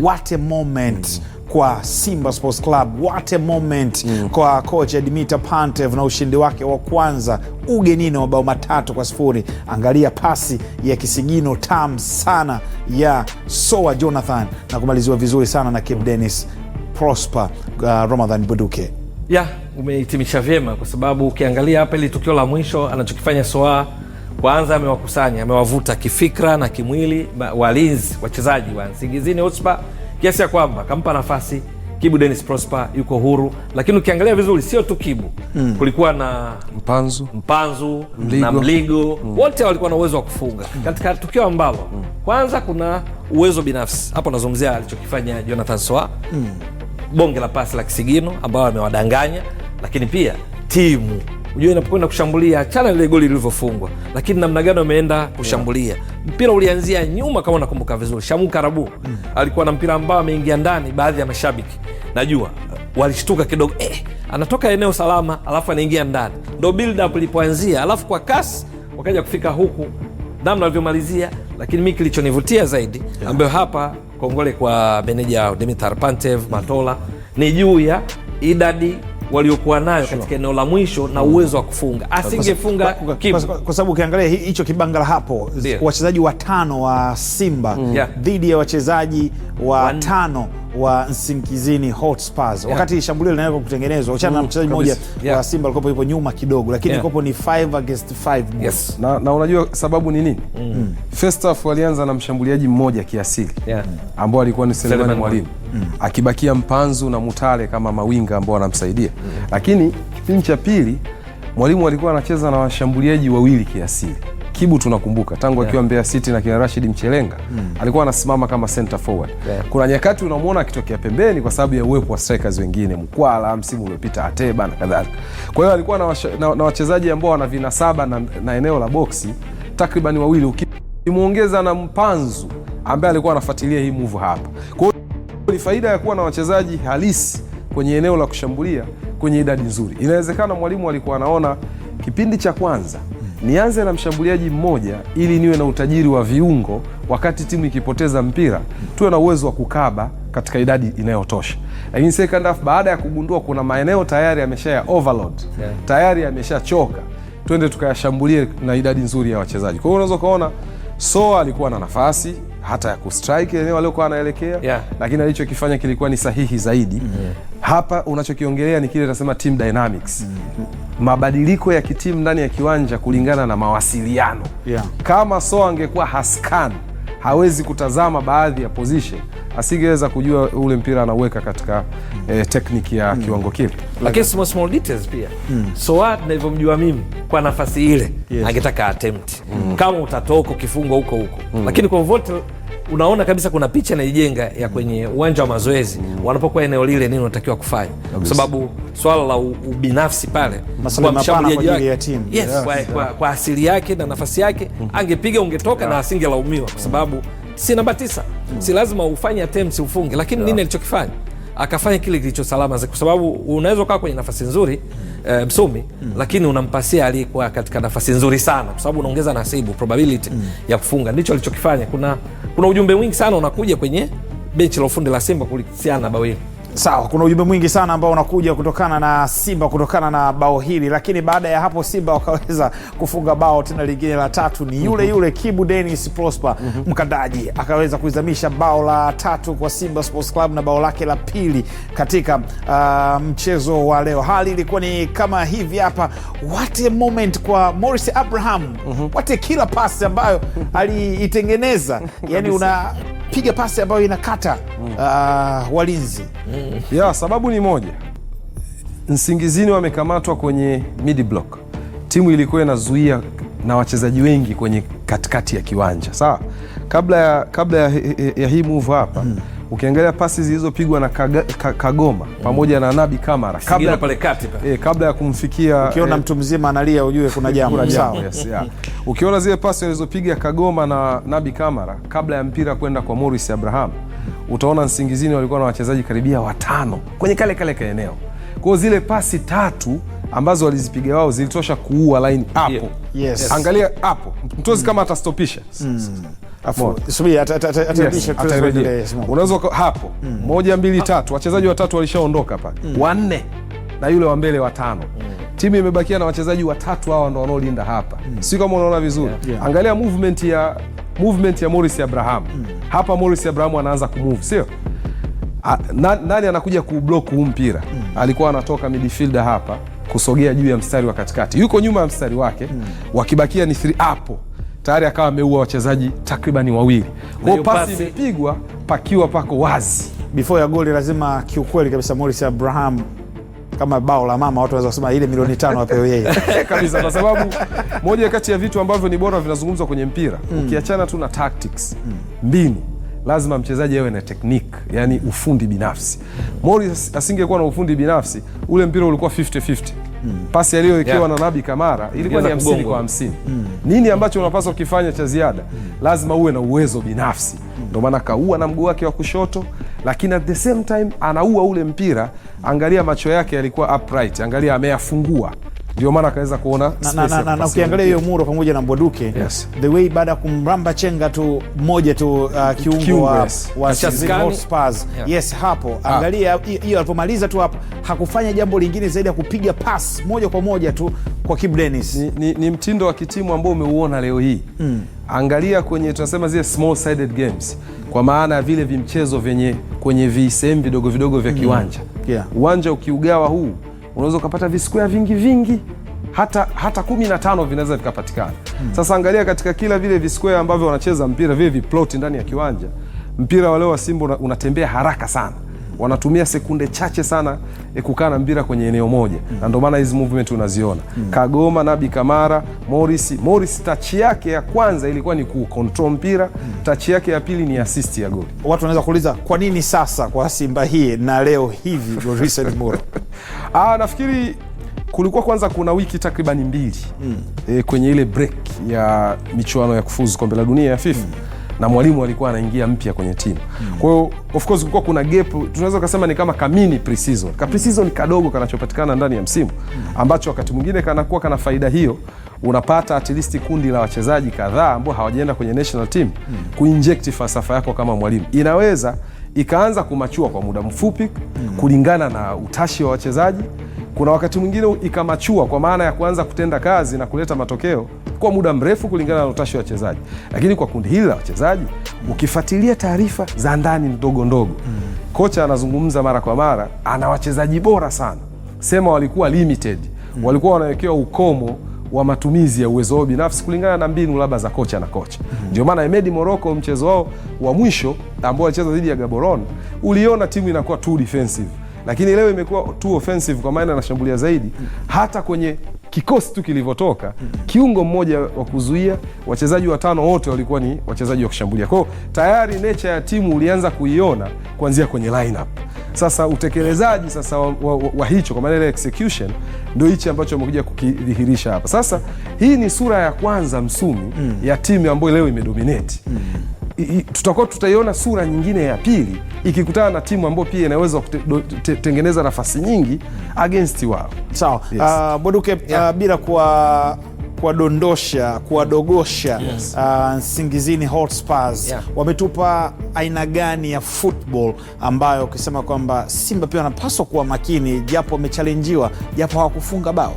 What a moment mm. kwa Simba Sports Club, what a moment mm. kwa kocha Dimitar Pantev na ushindi wake wa kwanza ugenini wa mabao matatu kwa sifuri. Angalia pasi ya kisigino tam sana ya Soa Jonathan na kumaliziwa vizuri sana na Kibu Dennis Prosper uh, Ramadhan Buduke ya yeah, umehitimisha vyema kwa sababu ukiangalia hapa ili tukio la mwisho anachokifanya Soa kwanza amewakusanya amewavuta kifikra na kimwili walinzi wachezaji wa Nsingizini hotspa kiasi ya kwamba kampa nafasi Kibu denis prospe yuko huru, lakini ukiangalia vizuri sio tu Kibu mm. kulikuwa na Mpanzu, Mpanzu Mligo, na Mligo mm. wote walikuwa na uwezo wa kufunga mm. katika tukio ambalo mm. kwanza kuna uwezo binafsi hapo, nazungumzia alichokifanya Jonathan Soa mm. bonge la pasi la kisigino ambayo amewadanganya, lakini pia timu ujue inapokwenda kushambulia, chana lile goli lilivyofungwa, lakini namna gani wameenda kushambulia. yeah. Mpira ulianzia nyuma, kama unakumbuka vizuri, Shamu Karabu mm. alikuwa na mpira ambao ameingia ndani, baadhi ya mashabiki najua walishtuka kidogo eh, anatoka eneo salama, alafu anaingia ndani, ndo build up ilipoanzia, alafu kwa kasi wakaja kufika huku namna alivyomalizia. Lakini mi kilichonivutia zaidi yeah. ambayo hapa kongole kwa meneja Dimitar Pantev Matola ni juu ya idadi waliokuwa nayo sure. katika eneo la mwisho na uwezo wa kufunga asingefunga, kwa sababu ukiangalia hicho kibangala hapo yeah. wachezaji watano wa Simba mm. yeah. dhidi ya wachezaji watano wa Nsimkizini Hotspurs yeah. wakati shambulio linaweza kutengenezwa uchana mm, na mchezaji mmoja yeah. wa Simba alikopo yupo nyuma kidogo, lakini yeah. kopo ni 5 against 5 yes. na, na unajua sababu ni nini? mm. First half walianza na mshambuliaji mmoja kiasili yeah. ambao alikuwa ni Selemani Mwalimu mm. akibakia Mpanzu na Mutale kama mawinga ambao wanamsaidia mm. Lakini kipindi cha pili Mwalimu alikuwa anacheza na washambuliaji wawili kiasili. Kibu tunakumbuka tangu yeah. akiwa Mbeya City na kina Rashid Mchelenga mm. alikuwa anasimama kama center forward yeah. Kuna nyakati unamwona akitokea pembeni kwa sababu ya uwepo wa strikers wengine, Mkwala msimu uliopita, Ateba na kadhalika. Kwa hiyo alikuwa na, na, na wachezaji ambao wana vinasaba na, na eneo la boksi takriban wawili, ukimwongeza na Mpanzu ambaye alikuwa anafuatilia hii move hapa kwa ni faida ya kuwa na wachezaji halisi kwenye eneo la kushambulia kwenye idadi nzuri. Inawezekana mwalimu alikuwa anaona kipindi cha kwanza nianze na mshambuliaji mmoja ili niwe na utajiri wa viungo, wakati timu ikipoteza mpira tuwe na uwezo wa kukaba katika idadi inayotosha. Lakini second half, baada ya kugundua kuna maeneo tayari amesha ya overload yeah, tayari ameshachoka, twende tukayashambulie na idadi nzuri ya wachezaji. Kwa hiyo unaweza ukaona Soa alikuwa na nafasi hata ya kustrike eneo aliokuwa anaelekea yeah. Lakini alichokifanya kilikuwa ni sahihi zaidi mm. yeah. Hapa unachokiongelea ni kile tunasema team dynamics mm -hmm. Mabadiliko ya kitimu ndani ya kiwanja kulingana na mawasiliano yeah. Kama so angekuwa haskan hawezi kutazama baadhi ya position asingeweza kujua ule mpira anauweka katika eh, tekniki ya mm -hmm. kiwango kile lakini small small details pia mm. so what nilivyomjua mimi kwa nafasi ile yes. angetaka attempt mm. kama utatoka ukifungwa huko huko mm. lakini kwa vote unaona kabisa kuna picha naijenga ya hmm. kwenye uwanja wa mazoezi mm. wanapokuwa eneo lile, nini unatakiwa kufanya, kwa sababu swala la ubinafsi pale kwa mshambuliaji wake yes, yeah, kwa, yeah. Kwa, kwa asili yake na nafasi yake mm. angepiga ungetoka yeah. na asingelaumiwa kwa sababu si namba tisa mm. si lazima ufanye attempts ufunge, lakini yeah. nini alichokifanya akafanya kile kilicho salama, kwa sababu unaweza ukaa kwenye nafasi nzuri e, msomi mm. lakini unampasia aliyekuwa katika nafasi nzuri sana, kwa sababu unaongeza nasibu probability mm. ya kufunga. Ndicho alichokifanya. Kuna, kuna ujumbe mwingi sana unakuja kwenye benchi la ufundi la Simba kuhusiana na bao hili. Sawa, kuna ujumbe mwingi sana ambao unakuja kutokana na Simba kutokana na bao hili, lakini baada ya hapo Simba wakaweza kufunga bao tena lingine la tatu. Ni yule yule Kibu Dennis Prosper mkandaji akaweza kuizamisha bao la tatu kwa Simba Sports Club na bao lake la pili katika uh, mchezo wa leo. Hali ilikuwa ni kama hivi hapa. What a moment kwa Morris Abraham, mhm. what a kila pasi ambayo aliitengeneza, yani una anapiga pasi ambayo inakata mm. uh, walinzi mm. ya sababu ni moja, Nsingizini wamekamatwa kwenye mid block, timu ilikuwa inazuia na wachezaji wengi kwenye katikati ya kiwanja sawa, kabla ya, kabla ya, ya, ya hii move hapa mm. Ukiangalia pasi zilizopigwa na Kaga, Kagoma pamoja na Nabi Kamara kabla, pale kati pale. Eh, kabla ya kumfikia ukiona eh, mtu mzima analia ujue kuna jambo Yes, yeah. Ukiona zile pasi alizopiga Kagoma na Nabi Kamara kabla ya mpira kwenda kwa Morris Abraham, utaona Nsingizini walikuwa na wachezaji karibia watano kwenye kale kale kaeneo. eneo kwao, zile pasi tatu ambazo walizipiga wao zilitosha kuua line hapo. Yes. Angalia hapo Mtozi kama atastopisha mm unaweza hapo mm. moja mbili tatu, wachezaji watatu walishaondoka pale mm. wanne na yule wa mbele watano mm. timu imebakia na wachezaji watatu, hawa ndo wanaolinda hapa mm. si kama unaona vizuri yeah. Yeah. Angalia movement ya movement ya Morris Abraham mm. hapa Morris Abraham anaanza kumove, sio na, nani anakuja kublock huu mpira mm. alikuwa anatoka midfielder hapa kusogea juu ya mstari wa katikati, yuko nyuma ya mstari wake mm. wakibakia ni 3 hapo tayari akawa ameua wachezaji takribani wawili. Kwa pasi imepigwa pakiwa pako wazi, before ya goli. Lazima kiukweli kabisa Morris Abraham kama bao la mama, watu wanaweza kusema ile milioni tano apewe yeye eh, kabisa, kwa sababu moja kati ya vitu ambavyo ni bora vinazungumzwa kwenye mpira mm. ukiachana tu na tactics mm. mbinu, lazima mchezaji awe na teknik yani ufundi binafsi. Morris asingekuwa na ufundi binafsi, ule mpira ulikuwa 50-50 mm. pasi aliyowekewa yeah. na Nabi Kamara mm. ilikuwa ni hamsini kwa hamsini mm. nini ambacho unapaswa kukifanya cha ziada mm. lazima uwe na uwezo binafsi mm. ndio mm. maana kaua na mguu wake wa kushoto, lakini at the same time anaua ule mpira. Angalia macho yake yalikuwa upright, angalia ameyafungua ndio maana akaweza kuona na, na, na, na ukiangalia hiyo Muro pamoja na Mbwaduke yes. the way baada ya kumramba chenga tu moja tu uh, kiungo wa, wa Spurs yeah. yes hapo ah. Angalia hiyo alipomaliza tu hapo, hakufanya jambo lingine zaidi ya kupiga pas moja kwa moja tu kwa Kibu Denis. Ni, ni, ni mtindo wa kitimu ambao umeuona leo hii mm. Angalia kwenye tunasema zile small sided games, kwa maana ya vile vimchezo vyenye kwenye visehemu vidogo vidogo vya hmm. kiwanja mm. yeah. uwanja ukiugawa huu unaweza ukapata visquare vingi vingi hata hata kumi na tano vinaweza vikapatikana. Hmm. Sasa angalia katika kila vile visquare ambavyo wanacheza mpira vile viploti ndani ya kiwanja, mpira wale wa Simba unatembea haraka sana, wanatumia sekunde chache sana e, kukaa na mpira kwenye eneo moja mm. na ndio maana hizi movement unaziona mm. Kagoma, Nabi Kamara, Morris. Morris tachi yake ya kwanza ilikuwa ni kucontrol mpira mm. tachi yake ya pili ni assist ya goli. Watu wanaweza kuuliza kwa nini sasa kwa Simba hii na leo hivi Morris Muro Ah, nafikiri kulikuwa kwanza kuna wiki takriban mbili mm. E, kwenye ile break ya michuano ya kufuzu kombe la dunia ya FIFA mm. na mwalimu alikuwa anaingia mpya kwenye timu mm. kwa hiyo of course kulikuwa kuna gap, tunaweza kusema ni kama kamini pre-season ka hmm. pre-season kadogo kanachopatikana ndani ya msimu mm. ambacho wakati mwingine kanakuwa kana faida hiyo, unapata at least kundi la wachezaji kadhaa ambao hawajaenda kwenye national team mm. kuinject falsafa yako kama mwalimu inaweza ikaanza kumachua kwa muda mfupi kulingana na utashi wa wachezaji. Kuna wakati mwingine ikamachua kwa maana ya kuanza kutenda kazi na kuleta matokeo kwa muda mrefu kulingana na utashi wa wachezaji, lakini kwa kundi hili la wachezaji ukifuatilia taarifa za ndani ndogo ndogo kocha anazungumza mara kwa mara, ana wachezaji bora sana, sema walikuwa limited walikuwa wanawekewa ukomo wa matumizi ya uwezo wao binafsi kulingana na mbinu labda za kocha na kocha. Ndio maana Emedi Morocco, mchezo wao wa mwisho ambao alicheza dhidi ya Gaborone, uliona timu inakuwa too defensive, lakini leo imekuwa too offensive, kwa maana anashambulia zaidi hata kwenye kikosi tu kilivyotoka, kiungo mmoja wa kuzuia, wachezaji watano wote walikuwa ni wachezaji wa kushambulia. kwao tayari necha ya timu ulianza kuiona kuanzia kwenye lineup. Sasa utekelezaji sasa wa, wa, wa hicho kwa maana ile execution ndio hichi ambacho amekuja kukidhihirisha hapa. Sasa hii ni sura ya kwanza Msumi mm. ya timu ambayo leo imedominate mm tutakuwa tutaiona sura nyingine ya pili ikikutana na timu ambayo pia inaweza kutengeneza nafasi nyingi against wao. Sawa. Yes. Uh, Boduke, ah, yeah. Uh, bila kuwa kuwadondosha kuwadogosha, yes. Uh, Nsingizini Hotspurs yeah. Wametupa aina gani ya football ambayo ukisema kwamba Simba pia wanapaswa kuwa makini, japo wamechalenjiwa, japo hawakufunga bao?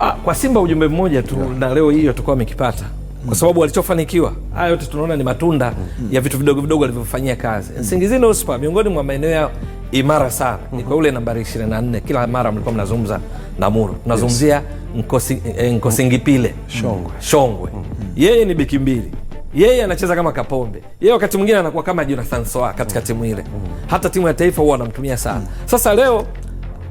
Ah, kwa Simba ujumbe mmoja tu yeah. Na leo hiyo atakuwa amekipata kwa sababu alichofanikiwa haya yote tunaona ni matunda mm. ya vitu vidogo vidogo alivyofanyia kazi mm. Nsingizini uspa miongoni mwa maeneo ya imara sana mm -hmm. ni kwa ule nambari 24 kila mara mlikuwa mnazungumza na Muru tunazungumzia yes. Nkosi, eh, Nkosingipile Shongwe, Shongwe. Mm -hmm. yeye ni biki mbili yeye anacheza kama Kapombe, yeye wakati mwingine anakuwa kama Jonathan Soa katika timu ile, mm. hata timu ya taifa huwa anamtumia sana. Mm. Sasa leo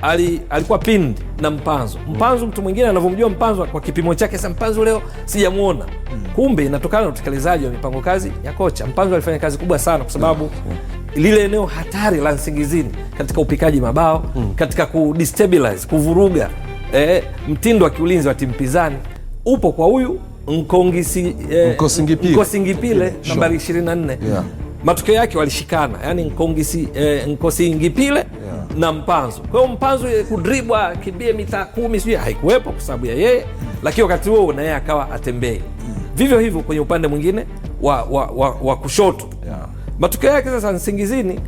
ali, alikuwa pindi na Mpanzo. Mm. Mpanzo mtu mwingine anavyomjua Mpanzo kwa kipimo chake, sa Mpanzo leo sijamuona. Mm. Kumbe inatokana na utekelezaji wa mipango kazi ya kocha. Mpanzo alifanya kazi kubwa sana kwa sababu mm. lile eneo hatari la Nsingizini katika upikaji mabao katika kudestabilize kuvuruga eh, mtindo wa kiulinzi wa timu pinzani upo kwa huyu Nkongisi, eh, Nkosingipile, Nkosingipile nambari 24 yeah. matokeo yake walishikana yani Nkongisi, eh, Nkosingipile yeah na mpanzo. Kwa hiyo mpanzo kudribwa kimbie mita kumi sijui haikuwepo kwa sababu ya yeye, lakini wakati huo na yeye akawa atembei vivyo hivyo kwenye upande mwingine wa, wa, wa, wa kushoto yeah. Matokeo yake sasa Nsingizini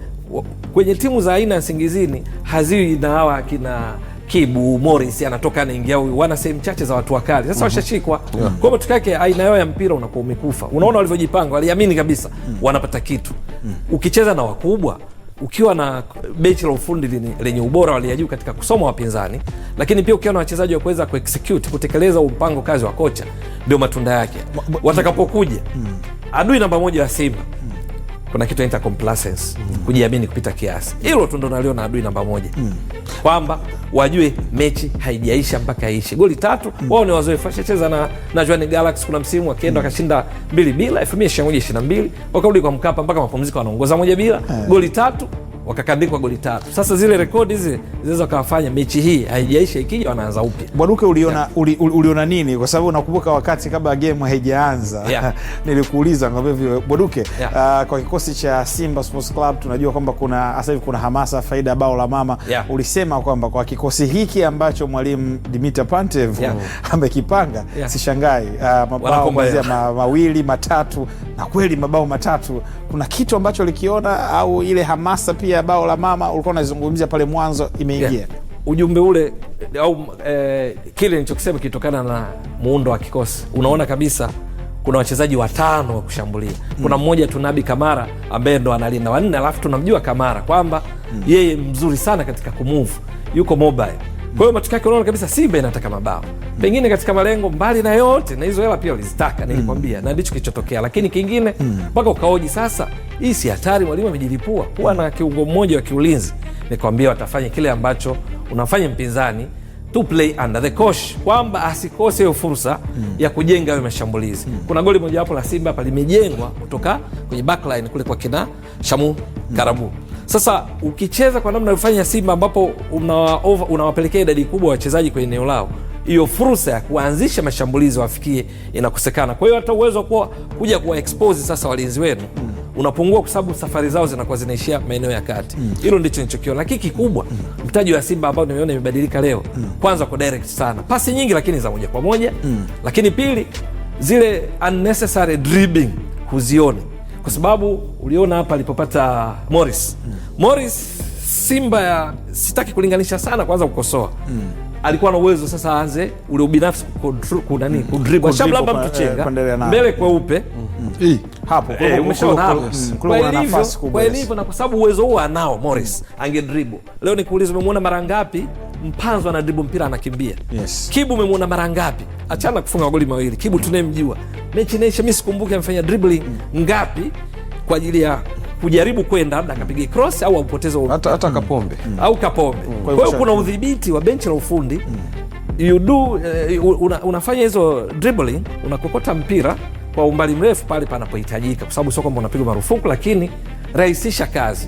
kwenye timu za aina ya Nsingizini haziwi na hawa akina Kibu Morris anatoka anaingia huyu, wana sehemu chache za watu wakali sasa, mm -hmm. washashikwa yeah. kwao matokeo yake aina yao ya mpira unakuwa umekufa. Unaona walivyojipanga, waliamini kabisa mm wanapata kitu mm ukicheza na wakubwa ukiwa na bechi la ufundi lenye ubora wa juu katika kusoma wapinzani, lakini pia ukiwa na wachezaji wa kuweza kuexecute kutekeleza mpango kazi wa kocha, ndio matunda yake watakapokuja. Mm. Adui namba moja ya Simba kuna kitu inaita complacence mm. kujiamini kupita kiasi. Hilo tu ndo na adui namba moja mm. kwamba wajue mechi haijaisha mpaka iishe. Goli tatu mm. wao ni wazoefu, washacheza na, na Jwaneng Galaxy kuna msimu wakienda hmm. wakashinda mbili bila elfu mbili ishirini na ishirini na mbili wakarudi kwa Mkapa mpaka mapumziko wanaongoza moja bila yeah. goli tatu wakakabikwa goli tatu. Sasa zile rekodi hizi zinaweza kawafanya mechi hii haijaisha, ikija wanaanza upya. Bwaduke, uliona yeah. uli, uli, uliona nini? Kwa sababu nakumbuka wakati kabla gemu haijaanza yeah. nilikuuliza ngambia vile Bwaduke yeah. uh, kwa kikosi cha Simba Sports Club tunajua kwamba kuna sasa hivi kuna hamasa faida bao la mama yeah. ulisema kwamba kwa kikosi hiki ambacho mwalimu Dimitar Pantev yeah. amekipanga yeah. sishangai uh, mabao kuanzia ma, mawili matatu na kweli mabao matatu kuna kitu ambacho ulikiona au ile hamasa pia ya bao la mama ulikuwa unazungumzia pale mwanzo imeingia? Yeah. Ujumbe ule au eh, kile nilichokisema kilitokana na muundo wa kikosi. Unaona kabisa kuna wachezaji watano wa kushambulia. Kuna mm. mmoja tu Nabi Kamara ambaye ndo analinda wanne, alafu tunamjua Kamara kwamba mm. yeye mzuri sana katika kumove, yuko mobile kwa hiyo matokeo yake unaona kabisa Simba inataka mabao pengine katika malengo mbali na yote, na hizo hela pia ulizitaka, nilikwambia, mm. na ndicho kilichotokea. Lakini kingine mm. mpaka ukaoji sasa, hii si hatari, mwalimu amejilipua. Huwa na kiungo mmoja wa kiulinzi, nikwambia watafanya kile ambacho unafanya mpinzani to play under the coach kwamba asikose hiyo fursa mm. ya kujenga hayo mashambulizi mm. kuna goli mojawapo la Simba hapa limejengwa kutoka kwenye backline kule kwa kina Shamu mm. Karabu sasa ukicheza kwa namna ufanya Simba ambapo unawapelekea idadi kubwa wachezaji kwenye eneo lao, hiyo fursa ya kuanzisha mashambulizi wafikie inakosekana. Kwa hiyo hata uwezo kuwa kuja kuwa expose sasa walinzi wenu mm. unapungua kwa sababu safari zao zinakuwa zinaishia maeneo ya kati. Mm. Hilo mm. ndicho nichokiona lakini kikubwa mm. mtaji wa Simba ambao nimeona imebadilika leo mm. kwanza kwa direct sana pasi nyingi, lakini za moja kwa moja mm. lakini pili zile unnecessary dribbling huzioni kwa sababu uliona hapa alipopata Morris. Mm. Morris Simba ya sitaki kulinganisha sana, kwanza kukosoa mm. alikuwa na uwezo sasa aanze ule ubinafsi kunani hmm. kudribble shamba labda chenga eh, mbele kweupe hapo kwa ilivyo, na kwa sababu uwezo huo anao Morris, hmm. angedribble leo. nikuulize umemwona mara ngapi Mpanzo anadribu mpira anakimbia. Yes. Kibu umemwona mara ngapi? Achana kufunga magoli mawili. Kibu tunayemjua. Mechi naisha mi sikumbuki amefanya dribbling ngapi kwa ajili ya kujaribu kwenda labda akapiga cross au apoteze hata, mm. Kapombe mm. au Kapombe mm. Kwa hiyo kuna udhibiti wa benchi la ufundi mm. you do uh, una, unafanya hizo dribbling, unakokota mpira kwa umbali mrefu pale panapohitajika, kwa sababu sio kwamba unapigwa marufuku, lakini rahisisha kazi.